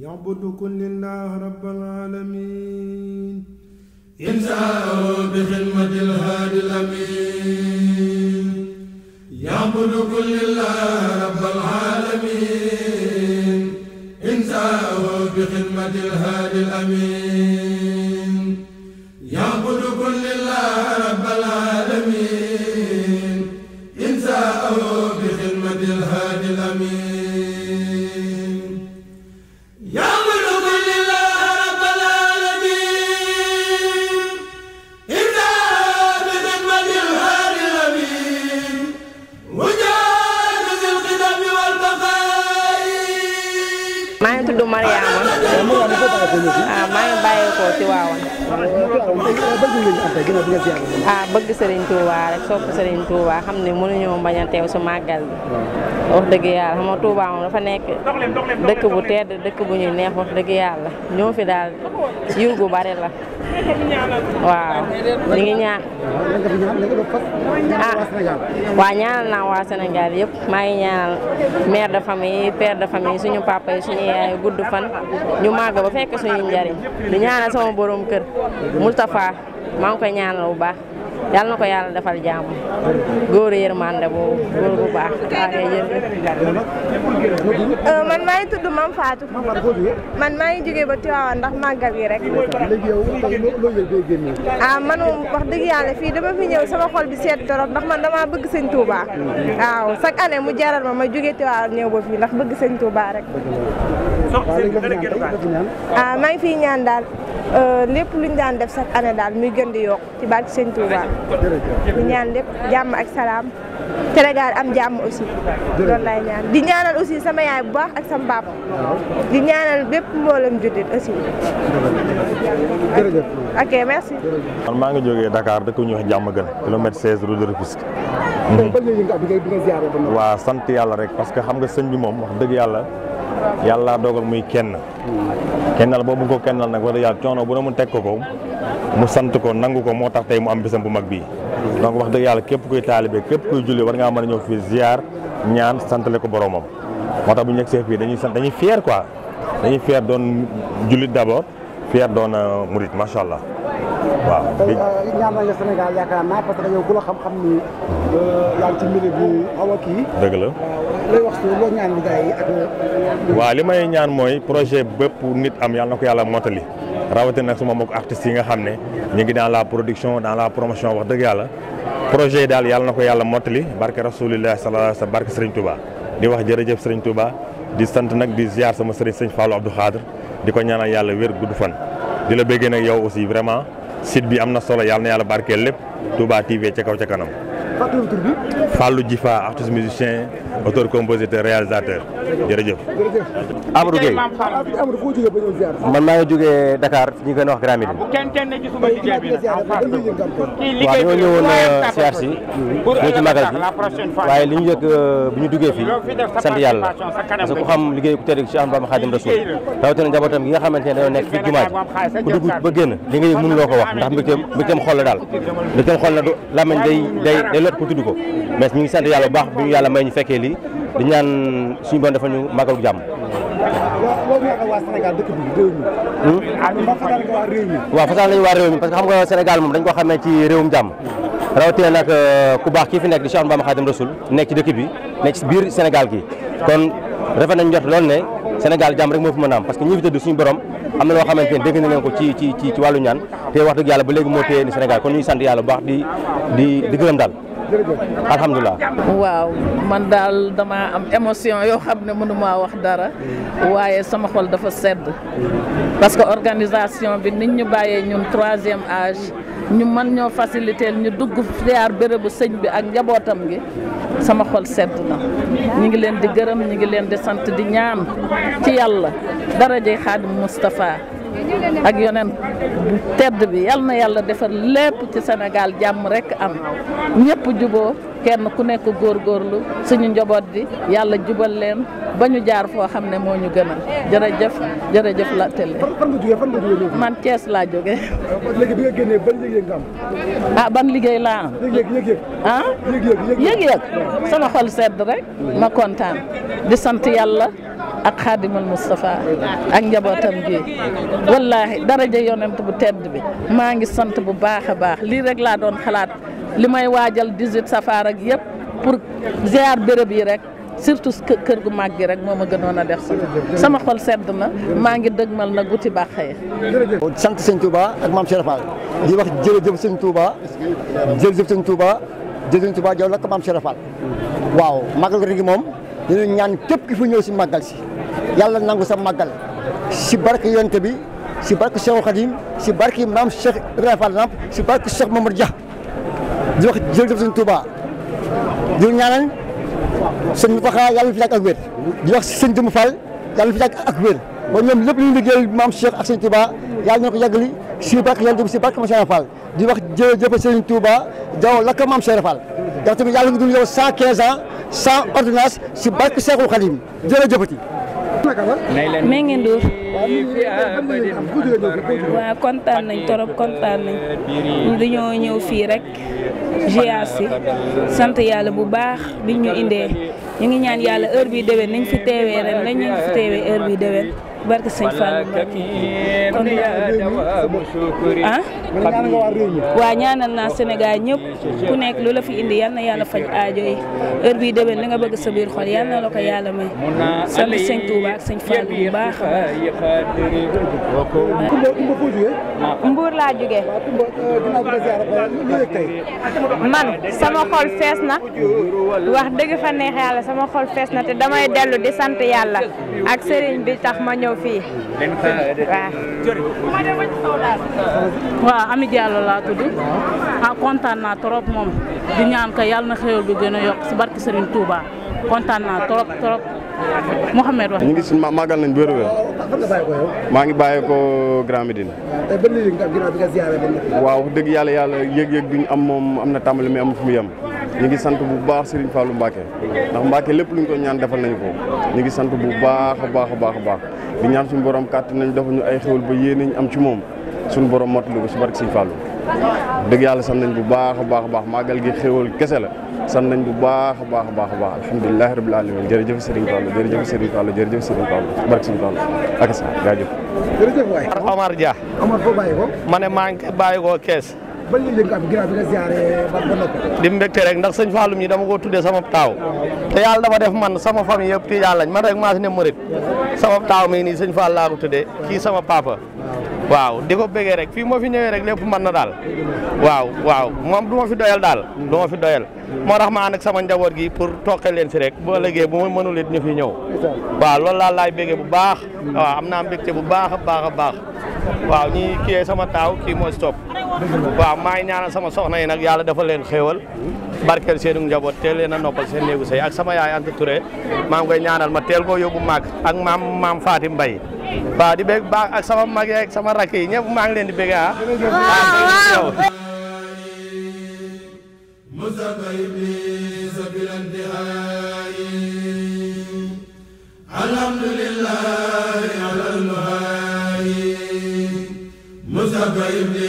يعبدكم لله رب العالمين انزعوا بخدمة الهادي الأمين يعبدكم لله رب العالمين انزعوا بخدمة الهادي الأمين يعبدكم لله ah bëgg Serigne Touba rek sopp Serigne Touba xam ne mënuñoo bañ teew su màggal bi wax dëgg yàlla xam nga moom dafa nekk dëkk bu tedd dëkk bu ñuy neex wax dëgg yàlla ñoo fi daal yiw gu bare la waaw li ngi ñaan ah ñaanal naa waa Sénégal yëpp maa ngi ñaanal mère de famille père de famille suñu papa yi suñu yaay gudd fan ñu màgg ba fekk suñu njariñ di ñaanal sama borom kër Moustapha maa ngi koy ñaanal bu baax yàlla na ko yàlla defal jàmm góor yërmande boobu góor bu baax euh, man maa ngi tudd Mame Fatou man maa ngi jógee ba Tivaouane ndax màggal gi rek ah man wax dëgg yàlla fii dama fi ñëw sama xol bi seet torop ndax man dama bëgg sëñ Touba waaw chaque année mu jaral ma ma jóge Tivaouane ñëw ba fii ndax bëgg sëñ Touba rek ah maa ngi fiy ñaan daal euh, lépp luñ daan def chaque année daal muy gën di yokk ci barke sëñ Touba di ñaan lépp jàmm ak salaam Sénégal am jàmm aussi loolu laay ñaan di ñaanal aussi sama yaay bu baax ak sama baab di ñaanal bépp mboolam jullit aussi ok merci maa ngi jógee dakaar dëkk ñu wax jàmm gën kilomètre 16 route de Rufisque waaw sant yàlla rek parce que xam nga sëñ bi moom wax dëgg yàlla yàlla dogal muy kenn kennal boobu ko kennal nag wala yàlla coono bu ne mu teg ko ko mu sant ko nangu ko moo tax tey mu am bisam bu mag bii donc wax dëgg yàlla képp kuy taalibe képp kuy julli war ngaa mën a ñëw fii ziar ñaan santale ko boromam moo tax bu nekk yegsee fii dañuy sant dañuy fier quoi dañuy fier doon jullit d'abord fier doon euh, murit macha allah waaw euh, euh, la euh, xam li may ñaan mooy projet bépp nit am yàlla na ko yàlla mottali. rawatina nag suma mbokk artistes yi nga xam ne ñu ngi dans la production dans la promotion wax dëgg yàlla projet yi daal yàlla na ko yàlla mottali barke rasulillah sallallahu alayhi barke Serigne Touba. di wax jërëjëf Serigne Touba di sant nag di ziar sama Serigne Serigne Fallou Abdou Khadre di ko ñaanal yàlla wér gudd fan di la bëggee nag yow aussi vraiment. site bi am na solo yàlla na yalla barkeel lépp tubaa TV ca kaw ca kanam. fàttaliwul tur bi. Fallou Djifa artiste musicien auteur compositeur réalisateur jërëjëf. jërëjëf Amadou man maa ngi jógee Dakar ñu koy wax Grand Médine. waaw ñoo ñëwoon ziar si. ñoo waaye li ñu yëg euh, bu ñu duggee fii sant yàlla parce que ku xam liggéey ku tedd Cheikh Ahmadou Khadim Rasoul rawatina njabootam gi nga xamante ne dañoo nekk fii jumaa ji ku génn li nga yëg mënuloo ko wax ndax mbégteem mbégteem xol la daal mbégteem xol la du day day day lot pour tudd ko mais ñu ngi sant yàlla bu baax bi ñu yàlla may ñu fekkee lii di ñaan suñu bon dafa ñu màggalu jàmm hmm? waa Sénégal dëkk waar réew mi parce que xam nga Sénégal moom dañ ko xamee ci réewum jàmm rawatina nag euh, ku baax kii fi nekk di Cheikh Bamba Khadim Rasoul nekk ci dëkk bi nekk ci biir Sénégal gi kon rafet nañ jot loolu ne Sénégal jàmm rek moo fi mën a am parce que ñi fi tëdd suñu borom am na loo xamante ne dégg na leen ko ci ci ñaan te wax dëgg yàlla ba léegi moo téye ni Sénégal kon ñuy sant yàlla bu baax di di di gërëm daal alhamdulilah waaw man daal damaa am émotion yoo xam ne mënumaa wax dara waaye sama xol dafa sedd parce que organisation bi nit ñu bàyyee ñun troisième âge ñu mën ñoo faciliter ñu dugg ziar bérébu sëñ bi ak njabootam gi sama xol sedd na ñu ngi leen di gërëm ñu ngi leen di sant di ñaan ci yàlla daraje Xaadim Moustapha ak yonent tedd bi yal na yàlla defar lépp ci Sénégal jàmm rek am ñépp juboo kenn ku nekk góor góorgóorlu suñu njaboot bi yàlla jubal leen ba ñu jaar foo xam ne moo ñu gënal jërëjëf jërëjëf la télé. fan nga man Thiès laa jógee. liggéey nga ah ban liggéey laa am. yëg yëg ah? sama xol sedd rek ma kontaan di sant yàlla. ak xaadimal Moustapha ak njabootam gi wallaahi daraja yonent bu tedd bi maa ngi sant bu baax a baax lii rek laa doon xalaat li may 18 safar ak yëpp pour ziar béréb yi rek surtout kër gu mag rek moo ma def sama xol sedd na maa ngi dëgmal na guti bàqa ye sant sëñ Touba ak maam Cheikh Fall di wax jërëjëf sëñ Touba jërëjëf sëñ Touba jërëjëf Touba jaw nag maam Cheikh Fall waaw màggal gi moom dinañ ñaan képp ki fi ñëw si màggal si yalla nangu sa magal si barki yonte bi si barki cheikh Khadim si barki maam Cheikh Ibrahima Fall Lamp si barke Cheikh mamour Dia di wax jeul def sun Touba di ñaanal sëñ Mountakha yalla fi tak ak wér di wax sun dum Fall yalla fi tak ak wér ba ñom lepp lu ñu liggéeyal maam Cheikh ak sun Touba yalla ñoko yagali yàggali si barke yonte bi si barke maam Cheikh Fall di wax jeul jërëjëf sun Touba la lakk mam Cheikh Fall yalla tamit yalla ngi dund yow 115 ans sans ordonnance si barki cheikh Khadim jeul jërëjëfati Mbengue Ndour. waaw kontaan nañ torop kontaan nañ dañoo ñëw fii rek GIA si sant yàlla bu baax biñ ñu indee ñu ngi ñaan yàlla heure bi déwén nañ fi teewee ren nañ ñu fi teewee heure bi déwén. barke sëñ ah ñaanal naa Sénégal ñëpp ku ya eh. er nekk ya ya eh? nah. nah, eh, lu fi indi yal na yàlla faj aajo yi heure bii déwén li nga bëgg sa biir xol may sant sëñ Touba ak sëñ bu baax Mbour man sama xol fees na wax dëgg fa neex yàlla sama xol fees na te damay dellu di sant yàlla ak sëriñ bi tax ma Wah, waaw waaw Ami Diallo laa tudd. ah kontaan naa trop moom di ñaan ka yàlla na xéwal bi gën a yokk barki Serigne Touba kontaan naa trop trop Mouhamed wax. ñu ngi suñu màggal nañ wér wér. maa ngi bàyyi ko Grand am am fu ñu ngi sant bu baax Serigne Fallou Mbacke ndax Mbacke lépp luñ ko ñaan defal nañu ko ñu ngi sant bu baax a baax a baax a baax di ñaan suñu borom kàtt nañ dafa ñu ay xéwal ba yéene am ci moom borom mottali ko si barke Serigne Fallou dëgg yàlla sant nañ bu baax a baax a baax màggal gi xéwal kese la sant nañ bu baax a baax a baax a baax alhamdulilahi rabil alamin jërëjëf Serigne Fallou jërëjëf Serigne Fallou jërëjëf Serigne Fallou barke Serigne Fallou ak sa jaajëf jërëjëf waay Omar Dia Omar foo ban yëg-yëg di mbégte rek ndax sëñ Fallou ñi dama ko tuddee sama taaw te yàlla dafa def man sama famille yëpp Tijaan lañ man rek maa si ne murit sama taaw mi nii sëñ Fallou laa ko tuddee kii sama papa. waaw di ko bëggee rek fii moo fi ñëwee rek lépp man na daal waaw waaw moom du ma fi doyal daal du ma fi doyal moo tax ma ànd sama njaboot gi pour tooke leen si rek bu ëllëgee bu ma mënul it ñu fi ñëw waaw lool laa laay bëggee bu baax waaw am naa mbégte bu baax a baax a baax waaw ñi sama taaw kii moo si topp waaw maa ngi ñaanal sama soxna yi nag yàlla dafa leen xéewal barkeel seenu njaboot teel leen seen néegu sey ak sama yaay Anta Touré maa ngi koy ñaanal ma teel koo yóbbu mag ak maam maam Fatim Mbaye di bég baax ak sama mag ak sama rakk yi ñëpp maa leen di bég ah